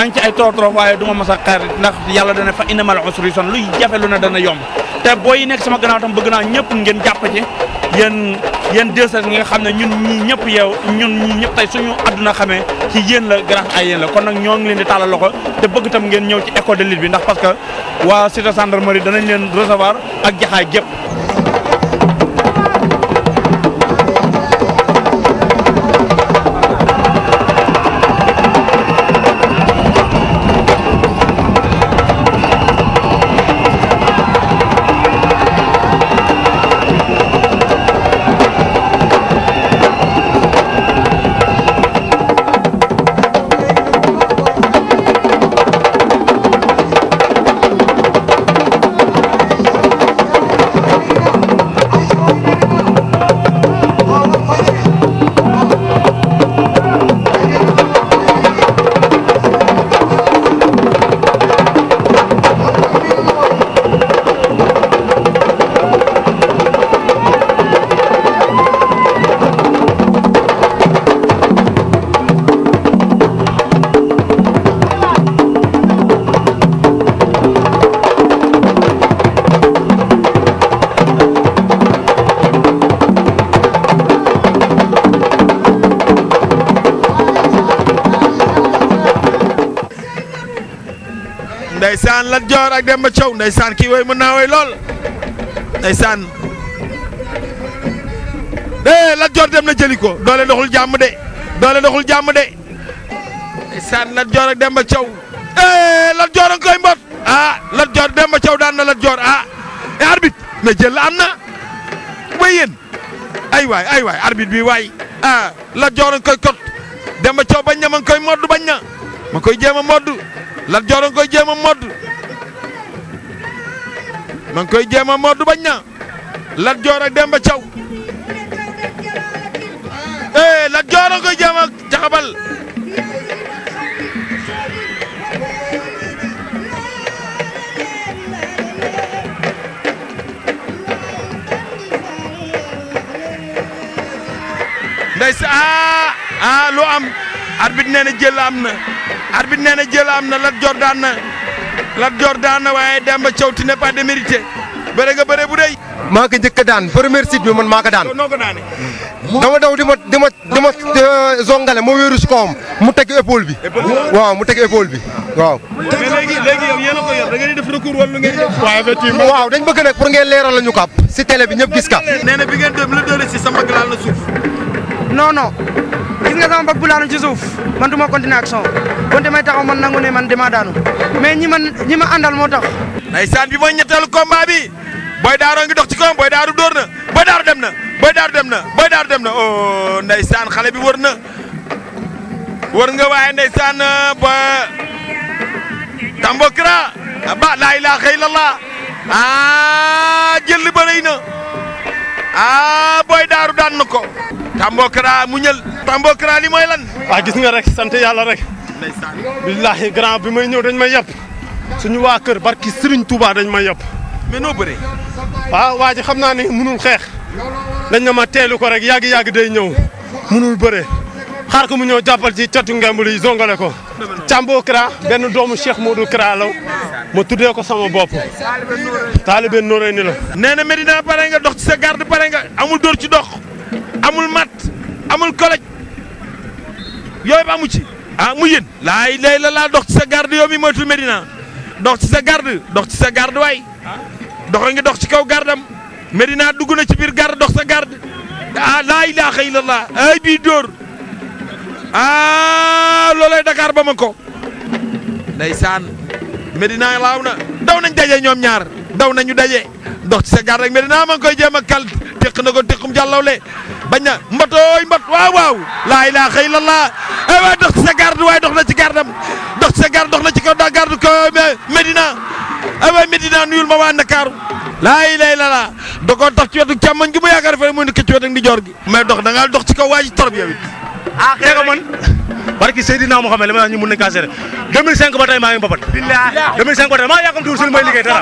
maa ngi ci ay trop trop waaye du ma mos a xaar ndax yàlla dana fa innamal usri yusran luy jafe lu ne dana yomb te booy yi nekk sama gannaaw tam bëgg naa ñëpp ngeen jàpp ci yéen yéen nga xam ne ñun ñii ñëpp yow ñun ñii ñëpp tey suñu àdduna xamee ci yéen la grâce ay yéen la kon nag ñoo ngi leen di tàllal loxo te bëgg tam ngeen ñëw ci école de lutte bi ndax parce que waa cité gendarmerie danañ leen recevoir ak jaxaay gépp ndeysaan Lat Joor ak Demba Thiaw ndeysaan kii woy mën naa woy lool ndeysaan eh Lat Joor dem na jëli ko doole doxul jàmm de doole doxul jàmm de ndeysaan Lat Joor ak Demba Thiaw eh Lat Joor ak koy mbot ah Lat Joor Demba Thiaw daan na Lat Joor ah et eh, na jël am na way ay waay ay waay arbitre bi waay ah Lat ak koy kot. Demba Coow bañ na ma koy modd bañ na ma koy jéem a modd Lat Joor a ngi koy jéem a modd ma koy jéem a modd bañ na Lat Joor ak Demba eh, Lat Joor koy jéem a ah lu am arbitre nee na jël am na na jël am na Lat Dior daan na Lat Dior daan na waaye Demba Thiaw tu n'as pas démérité bëre nga bëre bu dey maa ko njëkk daan première site bi man maa ko daan dama daw di ma di ma di ma euh, zongale ma wéeru si mu teg épaule bi waaw mu teg épaule bi waaw waaw effectivement waaw dañ bëgg nag pour ngeen leeral la ñu kap si tele bi ñëpp gis ka nee na bi ngeen dem la si sama glaal na suuf non non gis nga sama bu laanu man du ma continuer ak taxaw man nangu ne man damaa daanu mais ñi man ñi ma àndal moo tax. ndeysaan bi mooy ñetteelu combat bi Boy Daro ngi dox ci kawam Boy Daro dóor na Boy Daro dem na Boy Daro dem na Boy Daro dem na oh ndeysaan xale bi wër na wër nga waaye ndeysaan ba Tambakra ba laa ilaaha illallah ah jël li bëri na. ah booy daaru daan ko ko. Tambokara mu ñël. Tambokara li mooy lan. waaw ah, gis nga rek sant yàlla rek. ndeysaan billahi grand bi may ñëw dañ may yàpp. suñu waa kër barki Serigne Touba dañ may yàpp. mais noo bëree. waaw ah, waa ji xam naa ne mënul xeex. dañ na ma teelu ko rek yàgg yàgg day ñëw. mënul bëree. xaar ko mu ñëw jàppal ci catu ngemb li zongale ko. Tambokara benn doomu Cheikh Modou Kara ma tuddee ko sama bopp taalibe nooree ni la nee Medina pare nga dox ci sa garde pare amul dóor ci dox amul mat amul kolej yooyu ba amu ci ah mu laay lay la laa dox ci sa garde yow mi moytul Medina dox ci sa garde dox ci sa garde waay doxo ngi dox ci kaw gardam Medina dugg na ci biir garde dox sa garde ah laa ilaaha illallah ay bii dóor ah loolay Dakar ba ma Medina laaw na daw nañ daje ñoom ñaar daw nañu daje dox ci sa gar rek Medina ma ngi koy jéem a kal teq na ko tequm jàllawle bañ na mbatooy mbat waaw waaw laa ilaaha illallah ay eh, waay dox ci sa garde waaye dox na ci gardam dox ci sa garde dox ci kaw daa garde ko Medina ay eh, waay Medina nuyul ma waa Ndakaaru laa ilaaha illallah da koo tax ci wetu càmmoñ gi mu yaakaar fële mu nekk ci gi. mais dox da ngaa dox ci kaw waa ji torop yow it. ah xëy na barki Seydina Mouhamed moo ma wax ñu mun nañu kaa seere 2005 ba tey maa ngi mbapat 2005 ba tey maa yàkkamtiwul suñu may liggéey dara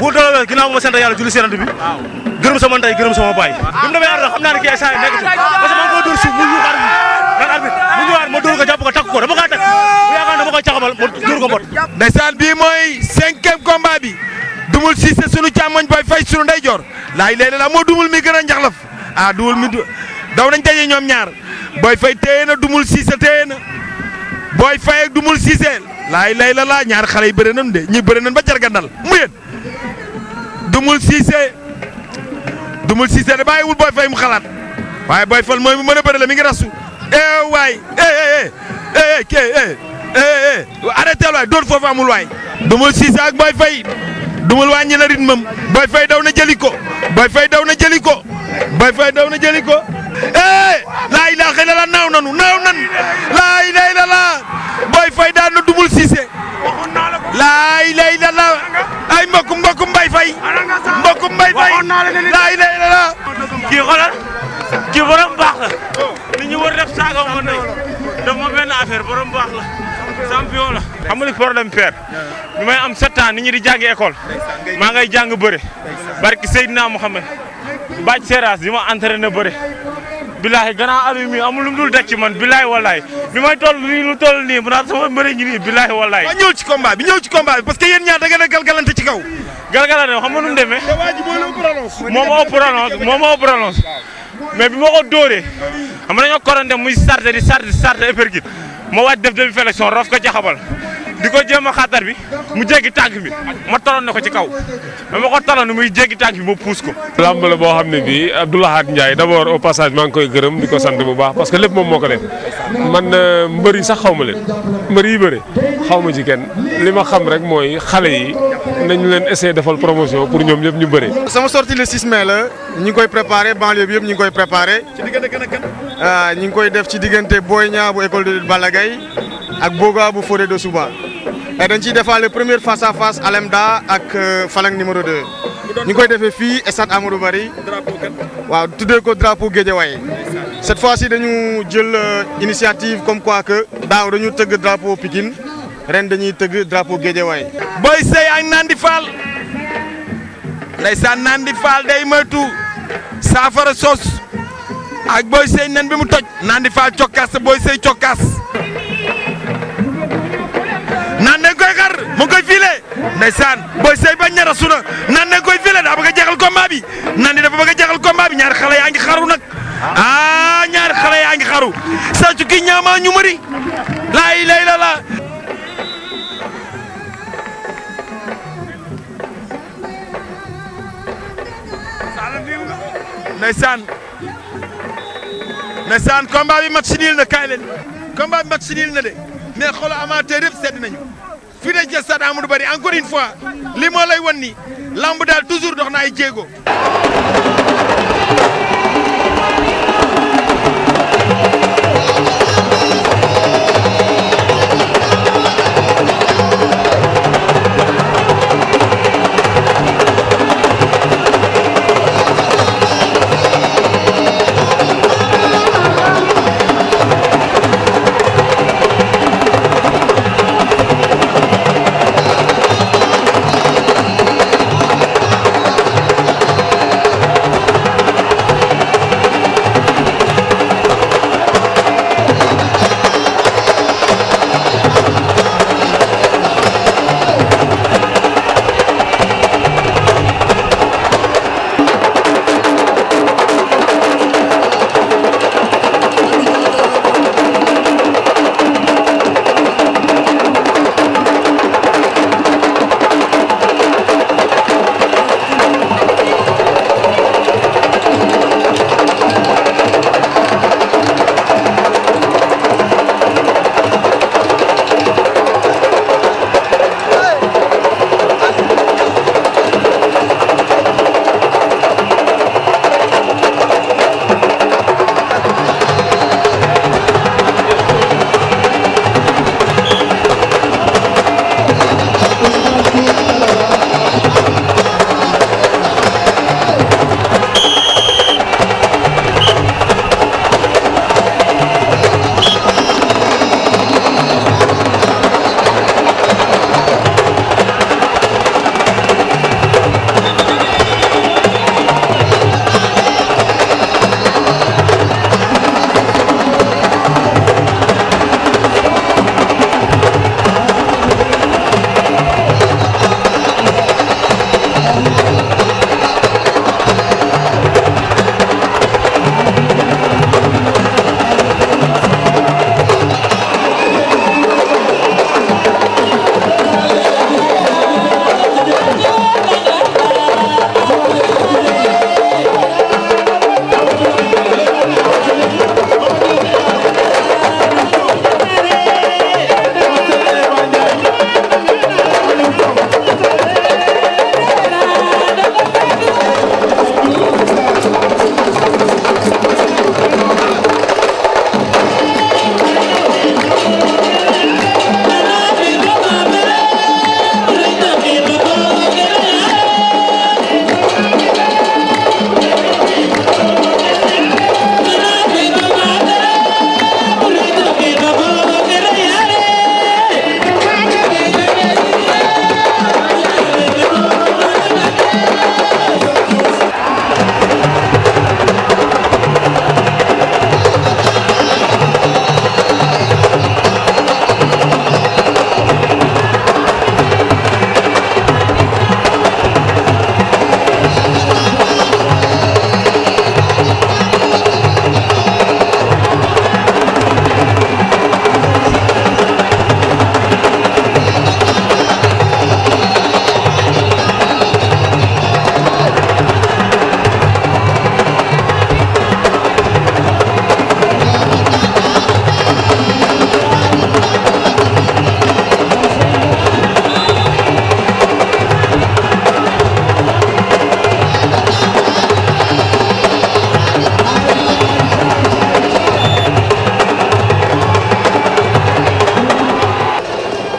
bu doole wees ginnaaw ma bi gërëm sama ndey gërëm sama baay bi mu demee ardo xam naa ko dóor suuf mu ñu xaar dan arbitre mu ñu xaar takk ko dama kaa takk bu yaakaar dama koy caxabal ma dóor ko mbot ndeysaan bii mooy cinquième combat bi dumul Cissé sunu càmmoñ booy fay sunu ndeyjoor laay léeg la moo dumul mi gën a njaxlaf ah dumul mi daw nañ daje ñoom ñaar booy fay téye na dumul siise téye na booy fay ak dumul siise laay lay la laa ñaar xale yi bëri nañu de ñi bëri nañu ba jargandal mu yéen dumul siise dumul siise de bàyyiwul booy fay mu xalaat waaye booy fal mooy mu mën a bëri mi ngi rasu eh waay eh eh eh eh eh, eh, eh, eh arrêté waay dumul siise ak booy dumul wàññi na rythme am daw na jëli ko daw na jëli ko daw na jëli ko. eh laa ilaha illallah naaw nanu naaw nan laa ilaha illallah Boy Faye daan na Double Cissé laa ilaha ay mbokk mbokk Mbaye Faye mbokk Mbaye Faye laa ilaha illallah kii xoolal kii borom baax la li ñu war def saaga ma nay def ma benn affaire borom baax la champion la xam nga li problème am sept ans di jàngi école maa ngay jàng bëre barki Seydina Mouhamed bàcc seeraas di ma entraîné bëre bilaay gannaaw Aliou mi dul daj ci man bilaay may toll nii lu toll nii bu naan sama mbëri ñi nii bilaay wallaay. ci combat bi ci combat parce que yéen ñaar da ngeen ci kaw. galgalante xam nga nu mu demee. te waa ji mooy la prolonge. moom moo prolonge moom mais bi ma ko dóoree. xam nga dañoo korante muy sarde di sarde sarde épergit ma wàcc def demi flexion rof ko jaxabal di ko jéem a xatar bi mu jéggi tànk bi ma taloon na ko ci kaw ma ma ko taloon muy jéggi tànk bi ma puus ko. làmb la boo xam ne bii Abdoulahat Ndiaye d' abord au passage maa ngi koy gërëm di ko sant bu baax parce que lépp moom moo ko def man euh, mbër yi sax xaw ma leen mbari yi bëre xaw ma ci li ma xam rek mooy xale yi nañu leen essayer defal promotion pour ñoom ñëpp ñu bëre. sama sortie le 6 mai la ñu ngi koy préparé banlieue bi yëpp ñu koy préparé. ci diggante ah, ñu ngi koy def ci diggante Boy Niang bu école de lutte Balla ak Boga bu Fodé de Souba. Eh, dañ ciy defaale première face à face Alemda ak euh, Falang numéro 2. ñu koy defee fii stade Amadou Barry. waaw tuddee ko drapeau way cette fois ci dañu jël euh, initiative comme quoi que daaw dañu tëgg drapeau Pikine ren dañuy tëgg drapeau way booy sey ak Nandi Fall. ndeysaan Nandi Fall day moytu saafara sos ak Boy Seye nen bi mu toj. Nandi Fall cokkaas booy sey Seye mu ngi koy filé ndeysaan sey bañ na rasu nan nañ koy filé daa bëgg a jeexal combat bi nan di dafa bëgg a jeexal combat bi ñaari xale yaa ngi xaru nag ah ñaari xale yaa ngi xaru saa ci kii ñaamaa ñu mëri laa yi lay la la ndeysaan ndeysaan combat bi match nul na kaay leen combat bi match na de mais xoolal amateur yëpp sedd fii de ci stade Amadou Barry encore une fois lay wan ni lamb daal toujours dox na ay jéego.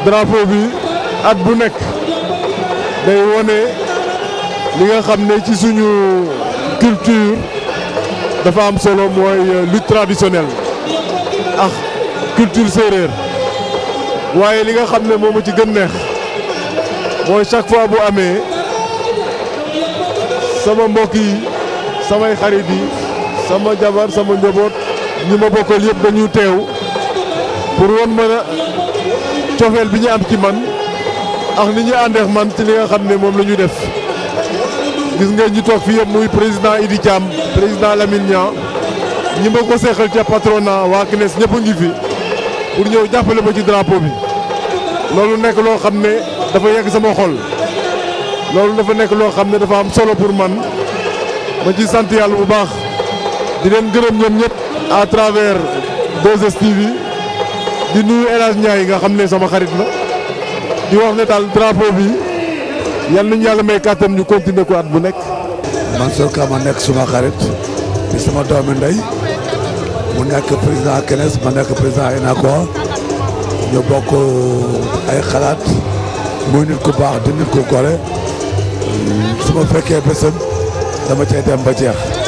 drapeau bi at bu nekk day wone li nga xam ne ci suñu culture dafa am solo mooy euh, lutte traditionnelle ak culture séeréer waaye li nga xam ne moom ci gën neex mooy chaque fois bu amee sama mbokk yi samay xarit yi sama jabar sama njaboot ñu ma bokkal yëpp dañuy teew. pour woon mën a cofeel bi ñu am ci man ak ni ñu àndeex man ci li nga xam ne moom la ñu def gis nga ñu toog fi yëpp muy président Idi Thiam président Lamine Niang ñi ma ko seexal ca patronat waa CNES ñëpp ngi fi pour ñëw jàppale ma ci drapo bi loolu nekk loo xam ne dafa yegg sama xol loolu dafa nekk loo xam ne dafa am solo pour man ma ci sant yàlla bu baax di leen gërëm ñoom ñëpp à travers 2STV di nuyu El Hadj nga xam ne sama xarit la di wax ne daal drapeau bi yal nañu yàlla may kàttan ñu continuer ko at bu nekk. Mansour Kama nekk suma xarit di sama doomi ndey mu nekk président CNES ma nekk président ENACOIS ñu bokk ay xalaat muy nit ku baax di nit ku gore su fekkee bésam dama cay dem ba jeex.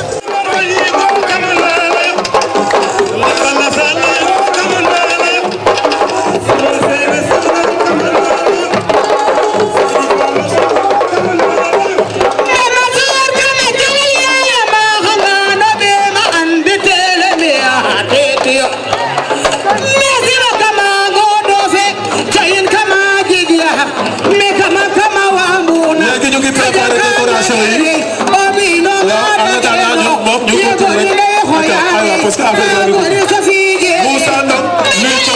parce que affaire Moussa Ndong luy coow Moussa Ndong luy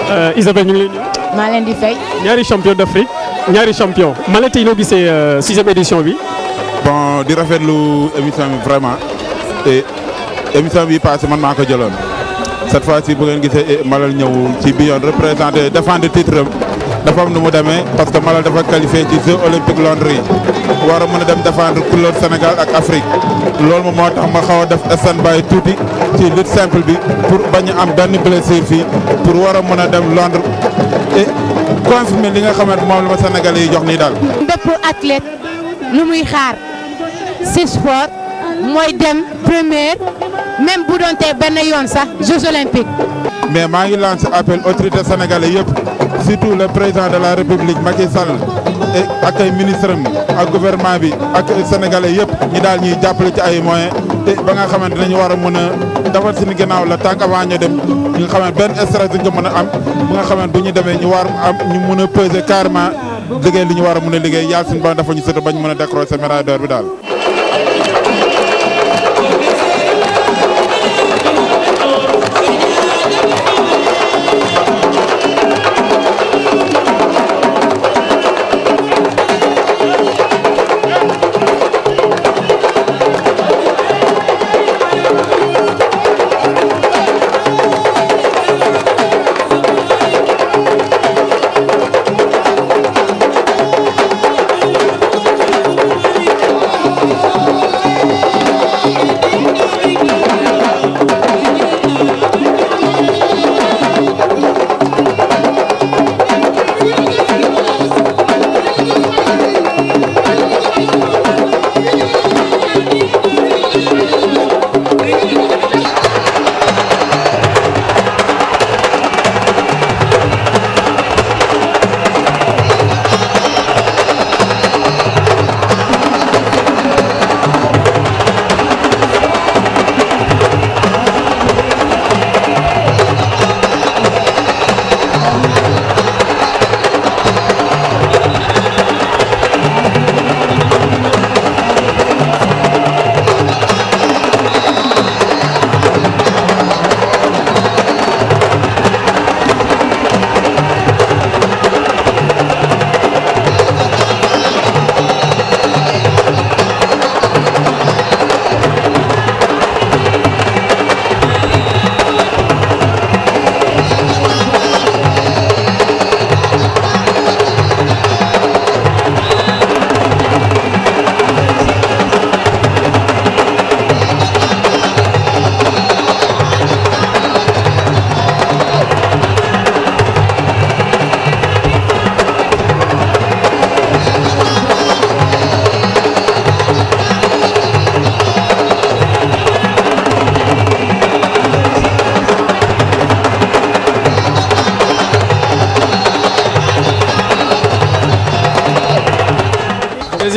coow Isabelle ñu ngi lay nuyu. maa leen di fay. ñaari champion d'Afrique ñaari champion. Malette yi noo gisee euh, sixième édition bi. non di rafetlu émission bi vraiment et émission bi passé man maa ko jëloon cette fois ci bu ngeen gisee eh, Malal ñëw ci bi yoon représenté défendre titre am dafa am nu mu demee parce que Malal dafa qualifié ci Jeux olympiques Londres yi war a mën a dem défendre couleur Sénégal ak Afrique loolu moom moo tax ma xaw def stand by tuuti ci lutte simple bi pour bañ am benn blessure fii pour war a mën a dem Londres et confirmer li nga xamante moom la ma Sénégalais yi jox nii daal. bépp si sport mooy dem première même bu doon tey benn yoon sax Jeux olympiques. mais maa ngi lancé appel autorité sénégalais yëpp surtout le président de la république Macky Sall ak ay ministre am ak gouvernement bi ak sénégalais yëpp ñi daal ñuy jàppale ci ay moyens te ba nga xamante ne ñu war a mën a defal suñu ginnaaw la tànk avant ñu dem ñu nga benn stratégie nga mën a am bu nga xamante bu ñu demee ñu war am ñu mën a peser carrément liggéey li ñu war a mën a liggéey yàlla suñu ban dafa a décrocher médaille daal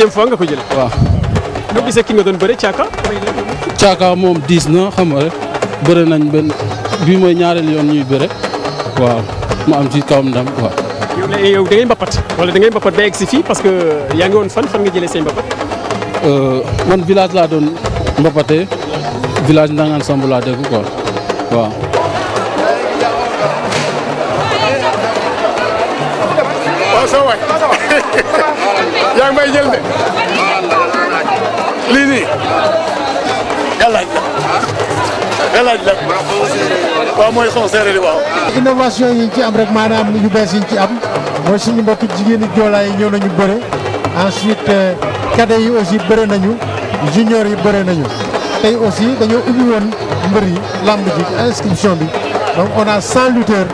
deuxième fois nga ko jëlee. waaw. moom diis na xam nga nañ benn bii mooy ñaareel yoon ñuy bëre waaw mu am ci kawam ndam yow da ngay wala da ngay mbapat si fii parce que yaa ngi woon fan fan nga jëlee say mbapat. Euh, man village laa doon mbapatee village Ndangaan Samb laa dégg ko waaw. yaa ngi may jël de lii nii yàlla la yàlla la waaw mooy son séeréer yi waaw. innovation yi ci am rek maanaam yu bees yi ci am mooy suñu mbokku jigéeni joolaa ñëw nañu bëre ensuite euh, cadets yi aussi bëre nañu junior yi bëre nañu tey aussi dañoo ubbi woon mbër yi lamb ji inscription bi donc on a 100 lutteurs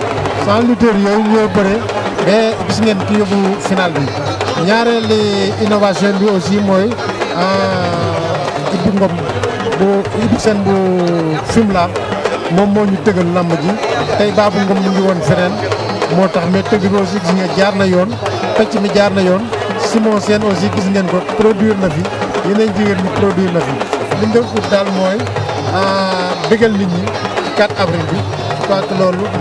100 lutteurs yooyu bëre. mais e gis ngeen ki yóbbu final bi ñaareeli innovation bi aussi mooy ah, Ibou Ngom bu Ibou Sène bu Fimela moom moo ñu tëgal làmb ji tey Babou Ngom mu ngi woon feneen moo tax mais tëgg bi aussi gis ngeen jaar na yoon pecc mi jaar na yoon Simon Sène aussi gis ngeen ko produire na fi yeneen jigéen ñi produire na fi li nga ut daal mooy ah, bëggal nit ñi 4 avril bi je loolu.